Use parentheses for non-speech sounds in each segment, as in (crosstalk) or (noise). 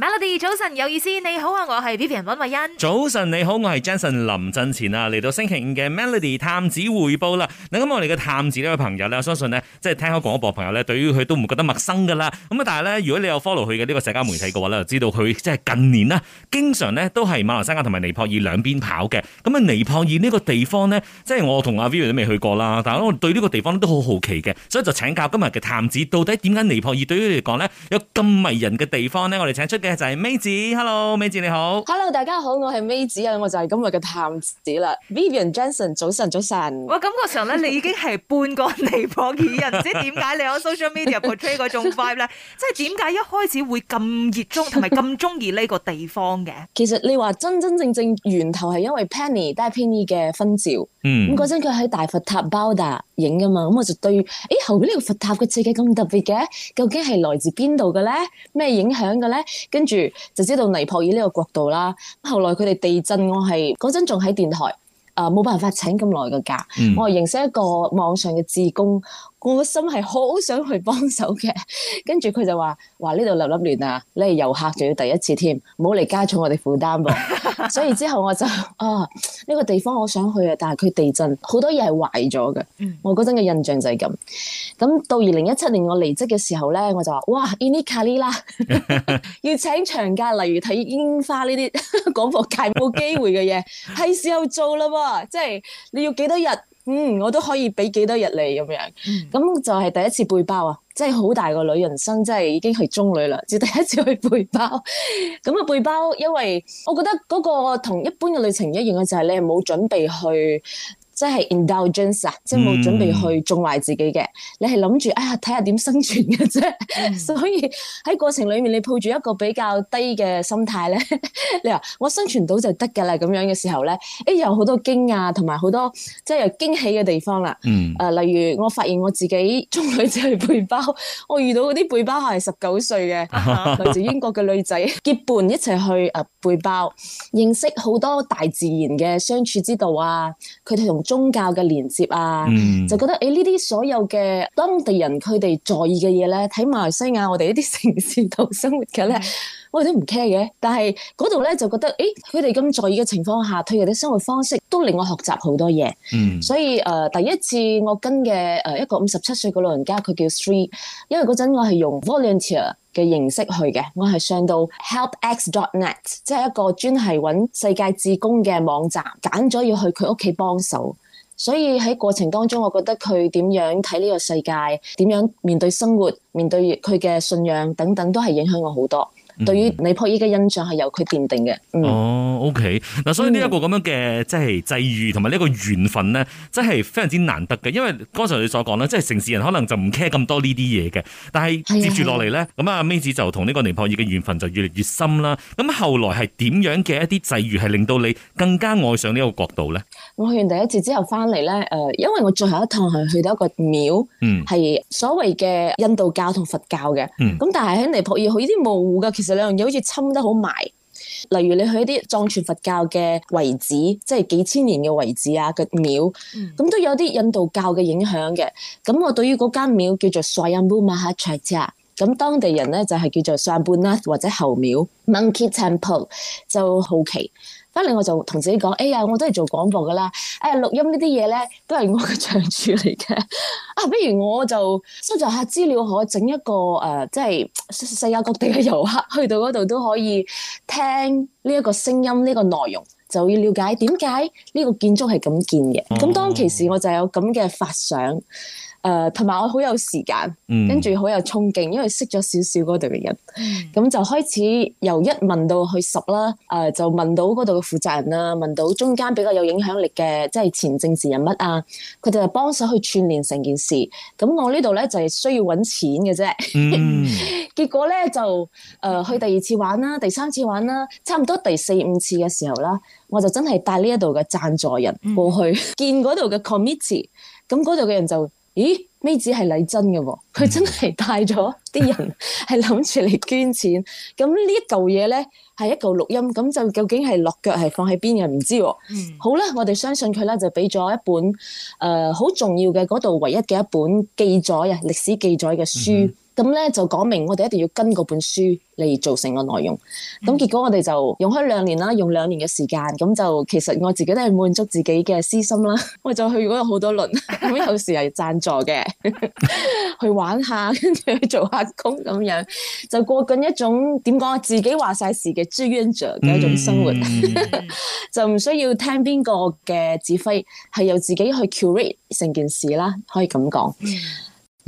Melody 早晨有意思，你好啊，我係 Vivian 文慧欣。早晨你好，我係 Jason 林振前啊，嚟到星期五嘅 Melody 探子回報啦。咁我哋嘅探子呢位朋友咧，我相信呢，即係聽開廣播嘅朋友咧，對於佢都唔覺得陌生噶啦。咁啊，但係咧，如果你有 follow 佢嘅呢個社交媒體嘅話咧，就知道佢即係近年呢，經常呢都係馬來西亞同埋尼泊爾兩邊跑嘅。咁啊，尼泊爾呢個地方呢，即係我同阿 Vivian 都未去過啦，但係我對呢個地方都好好奇嘅，所以就請教今日嘅探子，到底點解尼泊爾對於佢嚟講呢，有咁迷人嘅地方呢？我哋請出的就係 May 子，Hello，m May 子你好，Hello，大家好，我係 May 子啊，我就係今日嘅探子啦。Vivian Johnson，早晨，早晨。我感覺上咧，你已經係半個尼泊爾人，唔 (laughs) 知點解你有 social media portray 嗰種 vibe 咧，即係點解一開始會咁熱衷同埋咁中意呢個地方嘅？其實你話真真正正源頭係因為 Penny，但係 Penny 嘅婚照，咁嗰陣佢喺大佛塔包打影噶嘛，咁我就對，誒後邊呢個佛塔嘅設計咁特別嘅，究竟係來自邊度嘅咧？咩影響嘅咧？跟住就知道尼泊爾呢個國度啦。後來佢哋地震，我係嗰陣仲喺電台，啊、呃、冇辦法請咁耐嘅假，嗯、我係認識一個網上嘅志工。我個心係好想去幫手嘅，跟住佢就話：話呢度立立亂啊！你係遊客，仲要第一次添，唔好嚟加重我哋負擔噃。 (laughs) 所以之後我就啊，呢個地方我想去啊，但係佢地震，好多嘢係壞咗嘅。我嗰陣嘅印象就係咁。咁到二零一七年我離職嘅時候咧，我就話：哇，In Italy 啦，要請長假， (laughs) 例如睇櫻花呢啲廣播界冇機會嘅嘢，係 (laughs) 時候做啦喎！即係你要幾多日？嗯，我都可以俾幾多日你咁樣，咁、嗯、就係第一次背包啊！真係好大個女，人生真係已經係中女啦，至第一次去背包。咁 (laughs) 啊、嗯，背包因為我覺得嗰個同一般嘅旅程一樣嘅就係、是、你冇準備去。即係 indulgence 啊！即係冇準備去縱壞自己嘅，嗯、你係諗住哎呀，睇下點生存嘅啫。嗯、所以喺過程裡面，你抱住一個比較低嘅心態咧，你話我生存到就得㗎啦咁樣嘅時候咧，誒有好多驚訝，同埋好多即係有驚喜嘅地方啦。嗯，誒、呃、例如我發現我自己中女仔去揹包，我遇到嗰啲背包係十九歲嘅，來自、啊、哈英國嘅女仔 (laughs) 結伴一齊去誒揹包，認識好多大自然嘅相處之道啊！佢哋同宗教嘅連接啊，嗯、就覺得，誒呢啲所有嘅當地人佢哋在意嘅嘢咧，喺馬來西亞我哋一啲城市度生活嘅咧。嗯我哋都唔 care 嘅，但係嗰度咧就覺得，誒佢哋咁在意嘅情況下，佢哋啲生活方式都令我學習好多嘢。嗯，所以誒、呃、第一次我跟嘅誒一個五十七歲嘅老人家，佢叫 Three，因為嗰陣我係用 volunteer 嘅形式去嘅，我係上到 HelpX dot net，即係一個專係揾世界志工嘅網站，揀咗要去佢屋企幫手。所以喺過程當中，我覺得佢點樣睇呢個世界，點樣面對生活，面對佢嘅信仰等等，都係影響我好多。對於尼泊爾嘅印象係由佢奠定嘅。嗯嗯、哦，OK，嗱，所以這這、嗯、這呢一個咁樣嘅即係際遇同埋呢一個緣分咧，真係非常之難得嘅。因為剛才你所講咧，即係城市人可能就唔 care 咁多呢啲嘢嘅。但係接住落嚟咧，咁啊，May 子就同呢個尼泊爾嘅緣分就越嚟越深啦。咁、嗯、後來係點樣嘅一啲際遇係令到你更加愛上呢一個角度咧？我去完第一次之後翻嚟咧，誒、呃，因為我最後一趟係去到一個廟，嗯，係所謂嘅印度教同佛教嘅，嗯，咁但係喺尼泊爾好依啲模糊噶，其實。兩樣嘢好似侵得好埋，例如你去一啲藏傳佛教嘅遺址，即係幾千年嘅遺址啊嘅廟，咁、嗯、都有啲印度教嘅影響嘅。咁我對於嗰間廟叫做 Swayambhu Mahachaitya，咁當地人咧就係叫做 Swayambhunath 或者猴廟 Monkey Temple，就好奇。咁，我就同自己講，哎呀，我都係做廣播噶啦，誒、哎、錄音這些東西呢啲嘢咧，都係我嘅長處嚟嘅。啊，不如我就收集下資料，可整一個誒、呃，即係世界各地嘅遊客去到嗰度都可以聽呢一個聲音，呢、這個內容，就要了解點解呢個建築係咁建嘅。咁、嗯、當其時我就有咁嘅發想。誒，同埋、呃、我好有時間，跟住好有衝勁，因為識咗少少嗰度嘅人，咁就開始由一問到去十啦。誒、呃，就問到嗰度嘅負責人啦，問到中間比較有影響力嘅，即係前政治人物啊，佢哋就幫手去串聯成件事。咁我這裡呢度咧就係、是、需要搵錢嘅啫。 (laughs) 結果咧就誒、呃、去第二次玩啦，第三次玩啦，差唔多第四五次嘅時候啦，我就真係帶呢一度嘅贊助人過去、嗯、見嗰度嘅 committee。咁嗰度嘅人就。咦，May 子係嚟真嘅喎，喔，佢真係帶咗啲人係諗住嚟捐錢。咁 (laughs) 呢是一嚿嘢咧係一嚿錄音，咁就究竟係落腳係放喺邊嘅唔知喎。嗯，好啦，我哋相信佢啦，就俾咗一本誒、好，呃，重要嘅嗰度唯一嘅一本記載啊，歷史記載嘅書。嗯咁咧就講明，我哋一定要跟嗰本書嚟做成個內容。咁結果我哋就用開兩年啦，用兩年嘅時間，咁就其實我自己都係滿足自己嘅私心啦。我就去嗰度好多輪，咁有時係贊助嘅 (laughs) (laughs) 去玩下，跟住去做下工咁樣，就過緊一種點講啊？自己話晒事嘅 j o 者嘅一種生活，嗯、 (laughs) 就唔需要聽邊個嘅指揮，係由自己去 curate 成件事啦，可以咁講。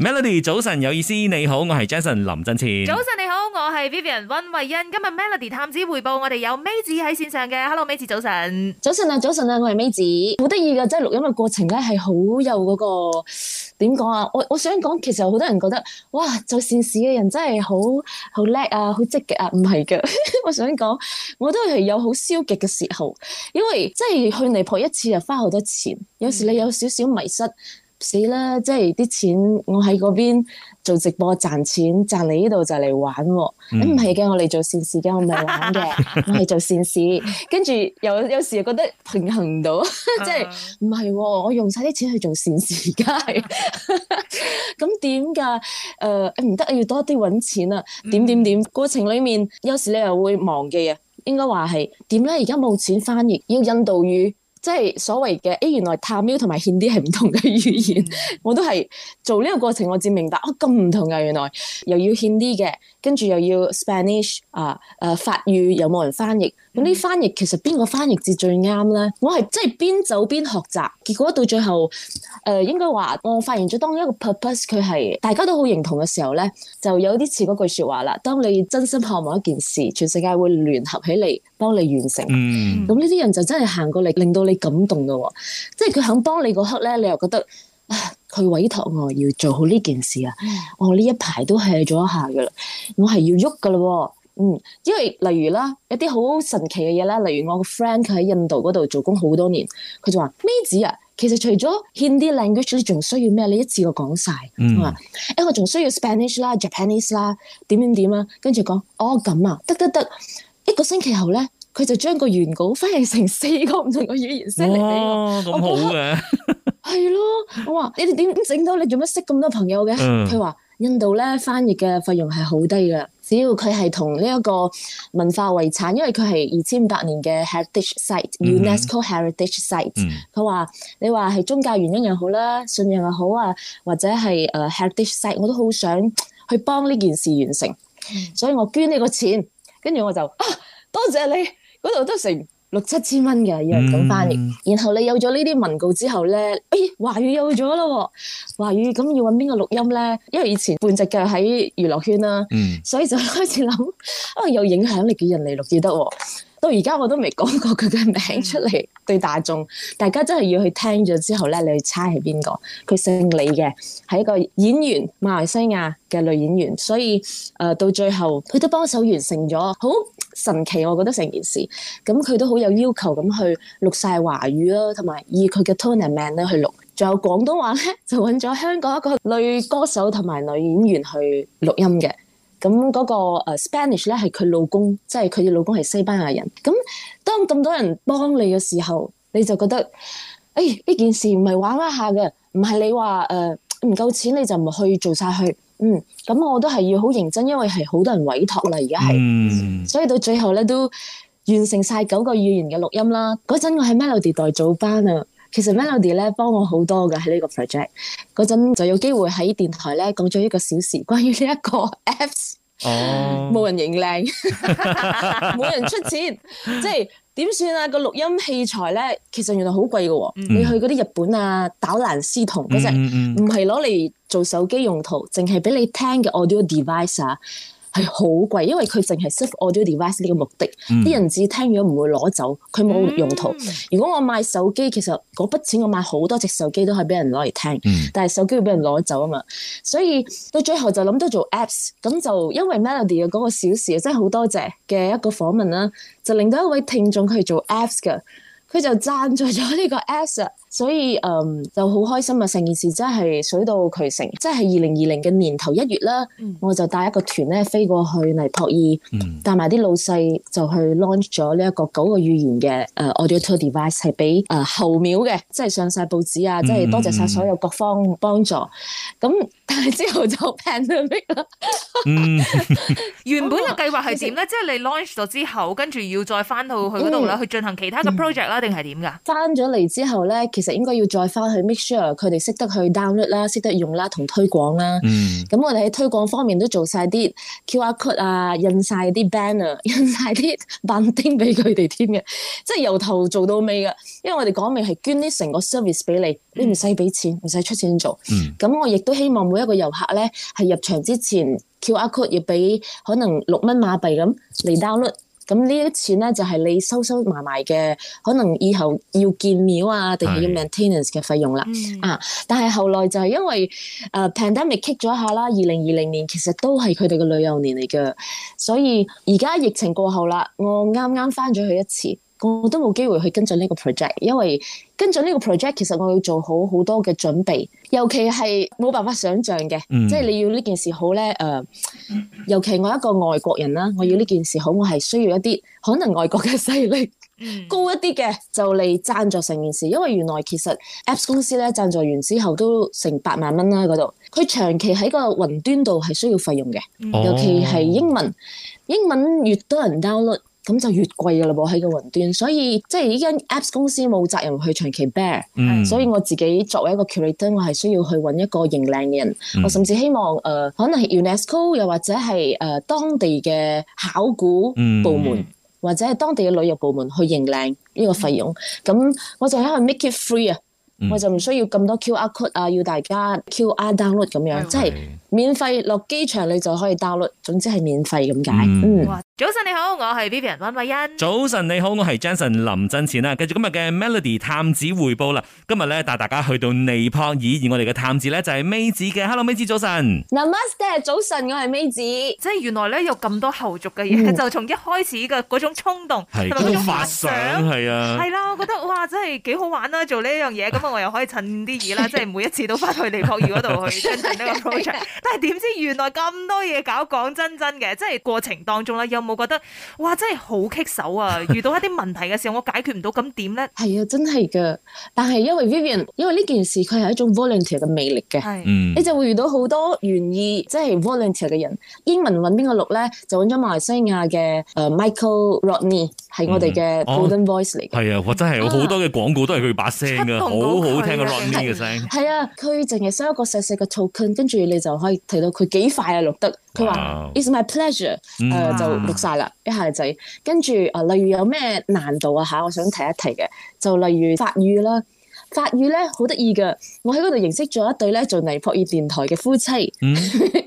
Melody，早晨有意思，你好，我係 Jason 林振前。早晨你好，我係 Vivian 温慧欣。今日 Melody 探子回報，我哋有 May 子喺線上嘅。Hello，May 子早晨。早晨啊，早晨啊，我係 May 子。好得意噶，即係錄音嘅過程咧、那個，係好有嗰個點講啊。我我想講，其實好多人覺得哇，做善事嘅人真係好好叻啊，好積極啊，唔係噶。 (laughs) 我想講，我都係有好消極嘅時候，因為即係去尼泊一次就花好多錢，有時候你有少少迷失。死啦！即係啲錢，我喺嗰邊做直播賺錢，賺嚟呢度就嚟玩喎。啊。唔係嘅，我嚟做善事嘅，我唔係玩嘅， (laughs) 我係做善事。跟住有有時又覺得平衡唔到，即係唔係喎？我用晒啲錢去做善事，咁點㗎？誒，唔得，要多啲揾錢啊！點點點過程裡面，有時你又會忘記啊。應該話係點咧？而家冇錢翻譯，要印度語。即係所謂嘅誒，原來 Tamil 同埋 Hindi 係唔同嘅語言，mm hmm. 我都係做呢個過程，我至明白哦，咁唔同嘅，原來又要 Hindi 嘅，跟住又要 Spanish 啊，誒、啊、法語有冇人翻譯？咁呢、mm？Hmm. 翻譯其實邊個翻譯至最啱咧？我係即係邊走邊學習，結果到最後誒、呃、應該話我發現咗，當一個 purpose 佢係大家都好認同嘅時候咧，就有啲似嗰句說話啦。當你真心渴望一件事，全世界會聯合起嚟幫你完成。嗯、mm，咁呢啲人就真係行過嚟，令到你。你感動嘅喎，即係佢肯幫你嗰刻咧，你又覺得啊，佢委託我要做好呢件事啊，我呢一排都 hea 咗一下嘅啦，我係要喐嘅啦，嗯，因為例如啦，一啲好神奇嘅嘢咧，例如我個 friend 佢喺印度嗰度做工好多年，佢就話：May 子啊？其實除咗 Hindi language，你仲需要咩？你一次過講晒。」佢話：我仲需要 Spanish 啦、Japanese 啦，點點點啊，跟住講：哦，咁啊，得得得，一個星期後咧。佢就將個原稿翻譯成四個唔同個語言 send 嚟、這個、哇，咁好嘅。係咯， (laughs) 我話你哋點整到？你做乜識咁多朋友嘅？佢話、嗯、印度咧翻譯嘅費用係好低噶，只要佢係同呢一個文化遺產，因為佢係二千五百年嘅 heritage site，UNESCO heritage site, Her site、嗯哼。佢話你話係宗教原因又好啦，信仰又好啊，或者係誒 heritage site，我都好想去幫呢件事完成，所以我捐呢個錢，跟住我就啊，多謝你。嗰度都成六七千蚊嘅，要咁翻譯。嗯、然後你有咗呢啲文告之後咧，哎華語有咗咯喎，華語咁要揾邊個錄音咧？因為以前半隻腳喺娛樂圈啦，嗯、所以就開始諗，啊、哦、有影響力嘅人嚟錄至得。到而家我都未講過佢嘅名出嚟，嗯、對大眾，大家真係要去聽咗之後咧，你去猜係邊個？佢姓李嘅，係一個演員，馬來西亞嘅女演員。所以誒、呃，到最後佢都幫手完成咗，好。神奇，我覺得成件事。咁佢都好有要求咁去錄晒華語啦，同埋以佢嘅 t o n i Man 咧去錄，仲有廣東話咧就揾咗香港一個女歌手同埋女演員去錄音嘅，咁、那、嗰個 Spanish 咧係佢老公，即係佢嘅老公係西班牙人。咁當咁多人幫你嘅時候，你就覺得，誒、哎、呢件事唔係玩玩下嘅，唔係你話誒唔夠錢你就唔去做晒去。嗯，咁我都係要好認真，因為係好多人委託啦，而家係，所以到最後咧都完成晒九個語言嘅錄音啦。嗰陣我喺 Melody 代早班啊，其實 Melody 咧幫我好多㗎喺呢個 project。嗰陣就有機會喺電台咧講咗一個小時關於呢一個 apps，冇、哦、 (laughs) 人認靚，冇人出錢，即係。點算啊？個錄音器材咧，其實原來好貴嘅喎，你去嗰啲日本啊，mm hmm. 打藍斯同嗰隻，唔係攞嚟做手機用途，淨係俾你聽嘅 audio device 啊！係好貴，因為佢淨係 serve audio device 呢個目的，啲、嗯、人只聽完唔會攞走，佢冇用途。嗯、如果我買手機，其實嗰筆錢我買好多隻手機都係俾人攞嚟聽，嗯、但係手機會俾人攞走啊嘛。所以到最後就諗到做 apps，咁就因為 Melody 嘅嗰個小事啊，真係好多謝嘅一個訪問啦，就令到一位聽眾佢做 apps 嘅，佢就贊助咗呢個 apps。所以誒、嗯、就好開心啊！成件事真係水到渠成，即係二零二零嘅年頭一月啦，嗯、我就帶一個團咧飛過去尼泊爾，嗯、帶埋啲老細就去 launch 咗呢一個九個語言嘅誒 auditory device，係俾誒候秒嘅，即係上晒報紙啊，即係、嗯、多謝晒所有各方幫助。咁、嗯、但係之後就 pandemic 啦。嗯、 (laughs) 原本嘅計劃係點咧？嗯、即係你 launch 咗之後，跟住要再翻到去嗰度啦，嗯、去進行其他嘅 project 啦、嗯，定係點㗎？翻咗嚟之後咧，其實應該要再翻去 make sure 佢哋識得去 download 啦，識得用啦，同推廣啦。嗯。咁我哋喺推廣方面都做晒啲 QR code 啊，印晒啲 banner，印晒啲 bunting 俾佢哋添嘅，即係由頭做到尾噶。因為我哋講明係捐啲成個 service 俾你，你唔使俾錢，唔使、嗯、出錢做。嗯。咁我亦都希望每一個遊客咧，係入場之前 QR code 要俾可能六蚊馬幣咁嚟 download。咁呢啲錢咧就係、是、你收收埋埋嘅，可能以後要建廟啊，定係要 maintenance ain 嘅費用啦。的嗯、啊！但係後來就係因為 pandemic kick 咗一下啦，二零二零年其實都係佢哋嘅旅遊年嚟嘅，所以而家疫情過後啦，我啱啱翻咗去一次。我都冇機會去跟進呢個 project，因為跟進呢個 project 其實我要做好好多嘅準備，尤其係冇辦法想象嘅，嗯、即係你要呢件事好咧、呃、尤其我一個外國人啦，我要呢件事好，我係需要一啲可能外國嘅勢力高一啲嘅、嗯、就嚟贊助成件事，因為原來其實 Apps 公司咧贊助完之後都成八萬蚊啦嗰度，佢長期喺個雲端度係需要費用嘅，嗯、尤其係英文英文越多人 download，咁就越貴噶啦噃喺個雲端，所以即係呢間 Apps 公司冇責任去長期 bear、嗯、所以我自己作為一個 curator，我係需要去揾一個認領嘅人，嗯、我甚至希望誒、呃、可能係 UNESCO 又或者係誒、呃、當地嘅考古部門、嗯、或者係當地嘅旅遊部門去認領呢個費用。咁、嗯、我就喺度 make it free 啊，嗯、我就唔需要咁多 QR code 啊，要大家 QR download 咁樣，嗯、即係免費落機場你就可以 download，總之係免費咁解。嗯。嗯。早晨你好，我係 Vivian 温慧欣。早晨你好，我係 Jenson 林振前啦。繼續今日嘅 Melody 探子匯報啦。今日咧帶大家去到尼泊爾，而我哋嘅探子咧就係 May 子嘅。Hello，May 子早晨。Namaste，早晨，我係 May 子。即係原來咧有咁多後續嘅嘢，嗯、就從一開始嘅嗰種衝動，嗰是種發想，係啊。係啦、啊，我覺得哇，真係幾好玩啦，做呢一 (laughs) 樣嘢，咁啊我又可以趁啲嘢啦，即係 (laughs) 每一次都翻去尼泊爾嗰度去呢個 project。 (laughs) 但係點知原來咁多嘢搞，講真真嘅，即係過程當中咧有。我覺得哇，真係好棘手啊！遇到一啲問題嘅時候，我解決唔到，咁點咧？係啊，真係㗎。但係因為 Vivian，因為呢件事佢係一種 volunteer 嘅魅力嘅，是你就會遇到好多願意即係 volunteer 嘅人。英文揾邊個錄咧？就揾咗馬來西亞嘅、呃、Michael Rodney，係我哋嘅 Golden Voice 嚟嘅、嗯。係啊，我真係好多嘅廣告都係佢把聲㗎，好好聽嘅 Rodney 嘅聲。係啊，佢淨係收一個細細嘅 token，跟住你就可以睇到佢幾快啊錄得。佢話：It's my pleasure，誒、呃、就錄晒啦，mm hmm. 一係就係跟住啊，例如有咩難度啊嚇、啊，我想提一提嘅，就例如法語啦，法語咧好得意㗎，我喺嗰度認識咗一對咧做尼泊爾電台嘅夫妻，咁、mm hmm.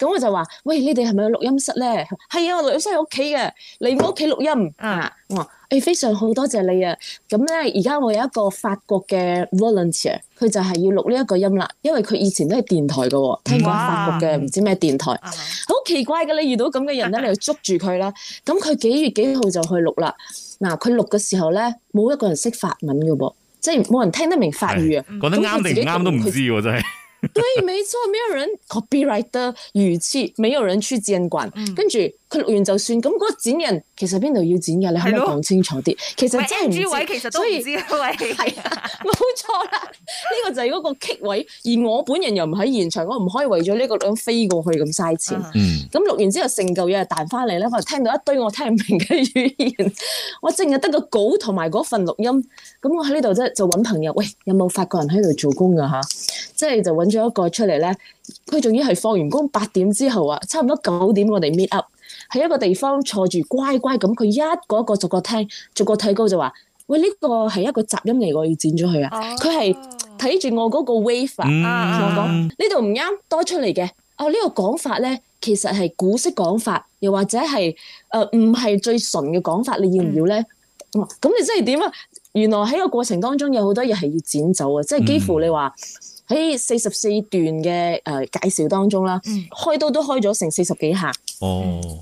(laughs) 嗯、我就話：喂，你哋係咪有錄音室咧？係啊，我錄音室喺屋企嘅，嚟我屋企錄音啊！我。非常好多謝你啊！咁咧，而家我有一個法國嘅 volunteer，佢就係要錄呢一個音啦，因為佢以前都係電台嘅，聽講法國嘅，唔知咩電台，好哇奇怪嘅。你遇到咁嘅人咧，你要捉住佢啦。咁佢 (laughs) 幾月幾號就去錄啦？嗱、啊，佢錄嘅時候咧，冇一個人識法文嘅噃，即係冇人聽得明法語啊！講得啱定唔啱都唔知喎，真係。對，沒錯，沒有人 copyright 的語氣，沒有人去監管，嗯、跟住。佢錄完就算咁，嗰個剪人其實邊度要剪㗎？你可唔可以講清楚啲？是的其實真唔位其實都可以知係啊，冇錯啦。呢、呢個就係嗰個 kick 位，而我本人又唔喺現場，我唔可以為咗呢個錄音飛過去咁嘥錢。嗯，咁錄完之後成嚿嘢彈翻嚟咧，我就聽到一堆我聽唔明嘅語言，我淨係得個稿同埋嗰份錄音。咁我喺呢度啫，就揾朋友喂，有冇法國人喺度做工㗎、啊？嚇，即係就揾、是、咗一個出嚟咧，佢仲要係放完工八點之後啊，差唔多九點我哋 meet up。喺一個地方坐住乖乖咁，佢一個一個逐個聽，逐個睇高就話：喂，呢個係一個雜音嚟，我要剪咗佢啊！佢係睇住我嗰個 wave 啊，我講，呢度唔啱，多出嚟嘅哦。這個、法呢個講法咧，其實係古式講法，又或者係誒唔係最純嘅講法，你要唔要咧？咁、嗯嗯、你真係點啊？原來喺個過程當中有好多嘢係要剪走啊！即係幾乎你話。嗯。喺四十四段嘅介紹當中啦，開刀都開咗成四十幾下，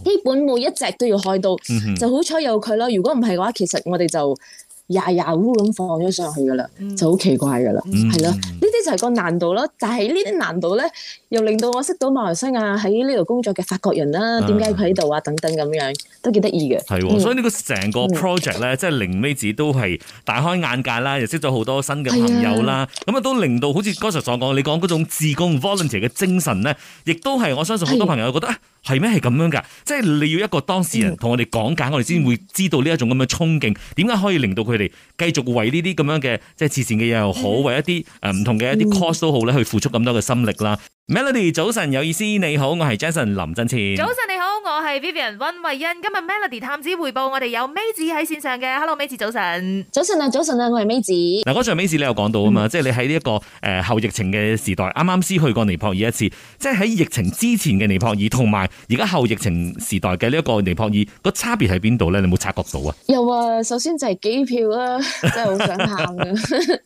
基本每一隻都要開刀，就好彩有佢咯。如果唔係嘅話，其實我哋就～呀呀烏咁放咗上去噶啦，就好奇怪噶啦，係咯、嗯，呢啲就係個難度啦。但係呢啲難度咧，又令到我識到馬來西亞喺呢度工作嘅法國人啦，點解佢喺度啊等等咁樣，都幾得意嘅。係、嗯嗯、所以這個整個呢個成個 project 咧，即係令 May 子都係大開眼界啦，又識咗好多新嘅朋友啦，咁是啊都令到好似剛才所講，你講嗰種志工 volunteer 嘅精神咧，亦都係我相信好多朋友覺得。係咩？係咁樣噶，即係你要一個當事人同我哋講解，我哋先會知道呢一種咁嘅衝勁。點解可以令到佢哋繼續為呢啲咁樣嘅即係慈善嘅嘢又好，為一啲誒唔同嘅一啲 cause 都好咧，去付出咁多嘅心力啦。Melody 早晨，有意思，你好，我係 Jason 林振前。早晨你好，我係 Vivian 溫慧欣。今日 Melody 探子回報，我哋有 May 子喺線上嘅。Hello，May 子早晨。早晨啊，早晨啊，我係 May 子。嗱，嗰場 May 子你有講到啊嘛，嗯、即係你喺呢一個誒、呃、後疫情嘅時代，啱啱先去過尼泊爾一次，即係喺疫情之前嘅尼泊爾，同埋而家後疫情時代嘅呢一個尼泊爾，個差別喺邊度咧？你冇察覺到啊？有啊，首先就係機票啊，真係好想喊嘅，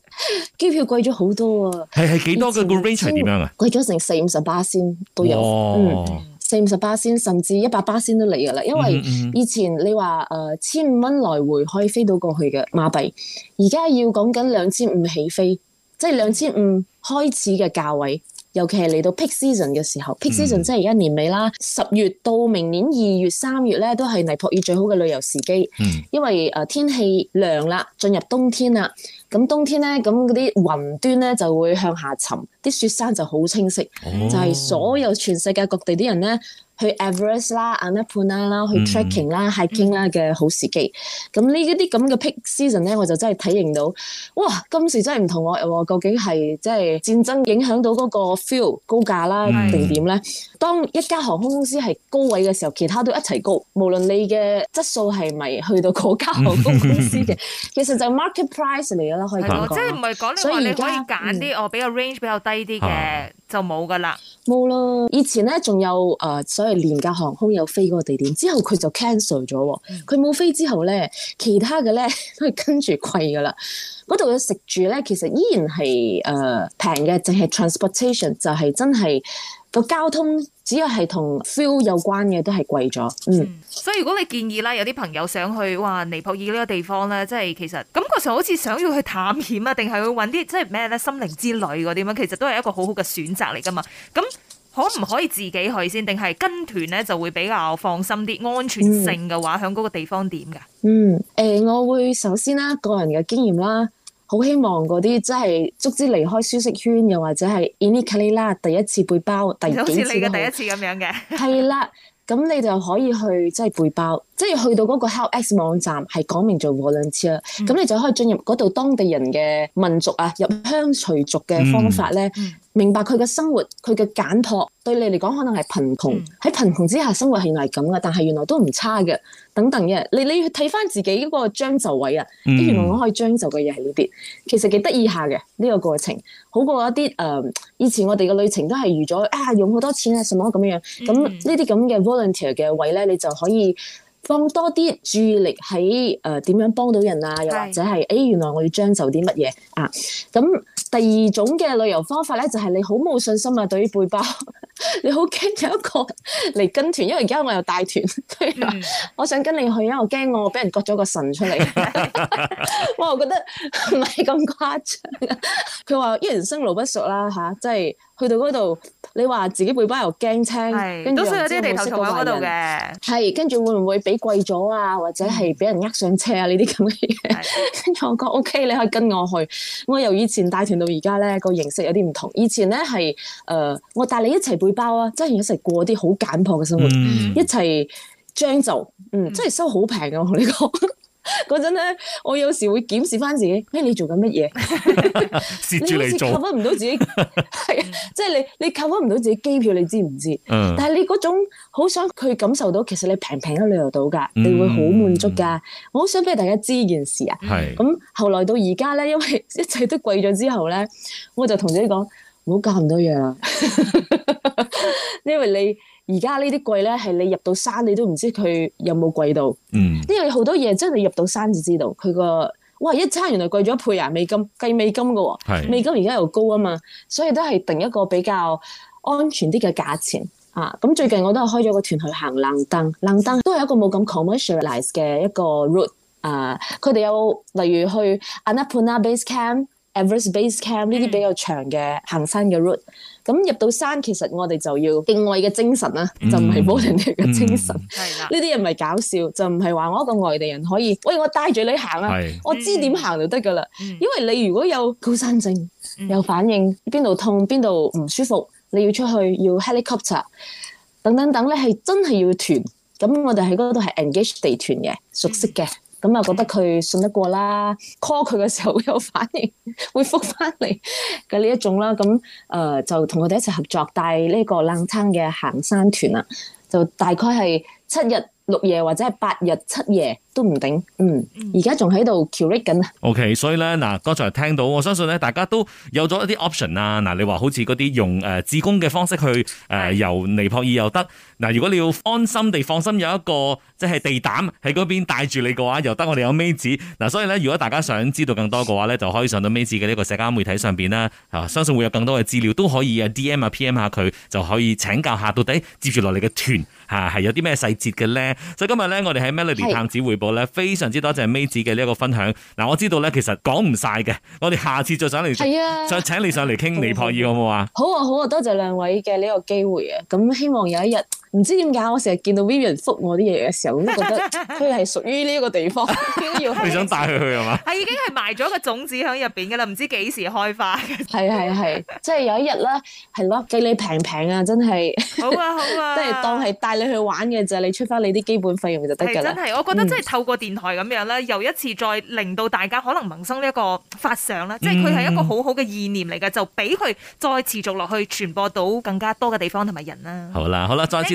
機 (laughs) 票貴咗好多啊！係係幾多嘅前個 rate 點超樣啊？貴咗成。四五十巴仙都有，哦、嗯，四五十巴仙甚至一百巴仙都嚟噶啦，因為以前你話誒千五蚊來回可以飛到過去嘅馬幣，而家要講緊兩千五起飛，即係兩千五開始嘅價位。尤其係嚟到 peak season 嘅時候，peak season、嗯、即係而家年尾啦，十月到明年二月三月咧，都係尼泊爾最好嘅旅遊時機，嗯、因為誒天氣涼啦，進入冬天啦，咁冬天咧，咁嗰啲雲端咧就會向下沉，啲雪山就好清晰，哦、就係所有全世界各地啲人咧。去 adventure 啦、Annapurna 啦、啦去 tracking 啦、嗯、hiking 啦嘅好時機。咁呢一啲咁嘅 peak season 咧，我就真係體認到，哇！今時真係唔同喎，究竟係即係戰爭影響到嗰個 feel 高價啦，定點咧？當一家航空公司係高位嘅時候，其他都一齊高，無論你嘅質素係咪去到嗰家航空公司嘅， (laughs) 其實就是 market price 嚟嘅啦，可以咁講。即係唔係講你話你可以揀啲我比較 range 比較低啲嘅，嗯啊、就冇噶啦，冇啦。以前咧仲有誒。呃所以因為廉價航空有飛嗰個地點，之後佢就 cancel 咗。佢冇飛之後咧，其他嘅咧都係跟住貴噶啦。嗰度嘅食住咧，其實依然係誒平嘅，淨、呃、係 transportation 就係真係個交通，只要係同 fuel 有關嘅都係貴咗。嗯，嗯，所以如果你建議啦，有啲朋友想去哇尼泊爾呢個地方咧，即係其實咁、那個時候好似想要去探險啊，定係去搵啲即係咩咧心靈之旅嗰啲咁，其實都係一個很好好嘅選擇嚟噶嘛。咁可唔可以自己去先？定係跟團咧就會比較放心啲，安全性嘅話，喺嗰個地方點㗎？嗯，誒、呃，我會首先啦，個人嘅經驗啦，好希望嗰啲即係足之離開舒適圈，又或者係 initial、e、啦，第一次背包，第幾次嘅第一次咁樣嘅。係啦，咁你就可以去即係背包， (laughs) 即係去到嗰個 How X 網站係講明做過兩次啦，咁、嗯、你就可以進入嗰度當地人嘅民族啊，入鄉隨俗嘅方法咧。嗯明白佢嘅生活，佢嘅簡朴對你嚟講可能係貧窮，喺貧窮之下生活係咁嘅，但係原來都唔差嘅，等等嘅。你你睇翻自己嗰個將就位啊，嗯、原來我可以將就嘅嘢係呢啲，其實幾得意下嘅呢個過程，好過一啲誒、呃、以前我哋嘅旅程都係預咗啊用好多錢啊什麼咁樣，咁、嗯 er、呢啲咁嘅 volunteer 嘅位咧，你就可以放多啲注意力喺誒點樣幫到人啊，又或者係誒是、哎、原來我要將就啲乜嘢啊咁。啊嗯第二種嘅旅遊方法咧，就係你好冇信心啊，對於背包，你好驚有一個嚟跟團，因為而家我又帶團，嗯、我想跟你去，因為我驚我我俾人割咗個腎出嚟， (laughs) (laughs) 我又覺得唔係咁誇張，佢話一人生路不熟啦，嚇、啊，即係。去到嗰度，你話自己背包驚青是又驚車，都需有啲地頭熟嗰度嘅。係跟住會唔會俾貴咗啊？或者係俾人呃上車啊？呢啲咁嘅嘢，跟住是 (laughs) 我講 OK，你可以跟我去。我由以前帶團到而家咧，個形式有啲唔同。以前咧係誒，我帶你一齊背包啊，真、就、係、是、一齊過啲好簡樸嘅生活，嗯、一齊將就，嗯，嗯真係收好平嘅。我同你講。嗰陣咧，我有時會檢視翻自己，咩你， (laughs) 你做緊乜嘢？蝕住嚟扣分唔到自己，係啊， (laughs) 即係你你靠屈唔到自己機票，你知唔知？嗯。但係你嗰種好想佢感受到，其實你平平都旅遊到㗎，你會好滿足㗎。嗯、我好想俾大家知件事啊。係。咁後來到而家咧，因為一切都貴咗之後咧，我就同自己講，唔好搞咁多嘢啦。因為 (laughs) 你。而家呢啲貴咧，係你入到山你都唔知佢有冇貴到。嗯，因為好多嘢真係你入到山就知道佢個，哇，一餐原來貴咗一倍啊！美金計，美金嘅喎、哦，是美金而家又高啊嘛，所以都係定一個比較安全啲嘅價錢啊。咁、嗯、最近我都係開咗個團去行冷敦，冷敦都係一個冇咁 commercialize 嘅一個 route 啊。佢哋有例如去 Annapurna Base Camp。Everest Base Camp 呢啲比較長嘅行山嘅 route，咁入到山其實我哋就要敬畏嘅精神、嗯、就唔係保 o r n 嘅精神。係啦、嗯，呢啲又唔係搞笑，就唔係話我一個外地人可以，喂，我帶住你行啊，的我知點行就得㗎啦。嗯、因為你如果有高山症、嗯、有反應，邊度痛邊度唔舒服，你要出去要 helicopter 等等等咧，係真係要團。咁我哋喺嗰度係 engage 地團嘅，熟悉嘅。嗯咁啊，覺得佢信得過啦，call 佢嘅時候會有反應，會覆翻嚟嘅呢一種啦。咁、嗯、誒就同佢哋一齊合作帶呢個冷餐嘅行山團啊，就大概係七日。六夜或者係八日七夜都唔定，嗯，而家仲喺度調息緊 O K，所以呢，嗱，剛才聽到，我相信大家都有咗一啲 option 啊。嗱，你話好似嗰啲用誒子宮嘅方式去誒、呃、由尼泊爾又得。嗱，如果你要安心地放心有一個即係、就是、地膽喺嗰邊帶住你嘅話，又得我哋有 May 子。嗱，所以呢，如果大家想知道更多嘅話呢，就可以上到 May 子嘅呢個社交媒體上邊啦、啊。相信會有更多嘅資料都可以啊 D M 啊 P M 下、啊、佢，就可以請教下到底接住落嚟嘅團。吓係、啊、有啲咩細節嘅咧，所以今日咧我哋喺 Melody 探子回報咧，非常之多謝 May 子嘅呢一個分享。嗱的、啊，我知道咧其實講唔晒嘅，我哋下次再上嚟，係啊的，再請你上嚟傾尼泊爾 (laughs) 好唔好啊？好啊好啊，多謝兩位嘅呢個機會啊！咁希望有一日。唔知點解我成日見到 Vivian 覆我啲嘢嘅時候，我都覺得佢係屬於呢一個地方。佢 (laughs) 想帶佢去係嘛？係 (laughs) 已經係埋咗個種子喺入邊㗎啦，唔知幾時開花的。係係係，即、就、係、係、有一日咧，係咯，俾你平平啊，真係好啊好啊，即係、啊、當係帶你去玩嘅就係你出翻你啲基本費用就得㗎，真係，我覺得即係透過電台咁樣咧，又、嗯、一次再令到大家可能萌生一個發想啦，即係佢係一個很好好嘅意念嚟嘅，就俾佢再持續落去傳播到更加多嘅地方同埋人啦。好啦好啦，再次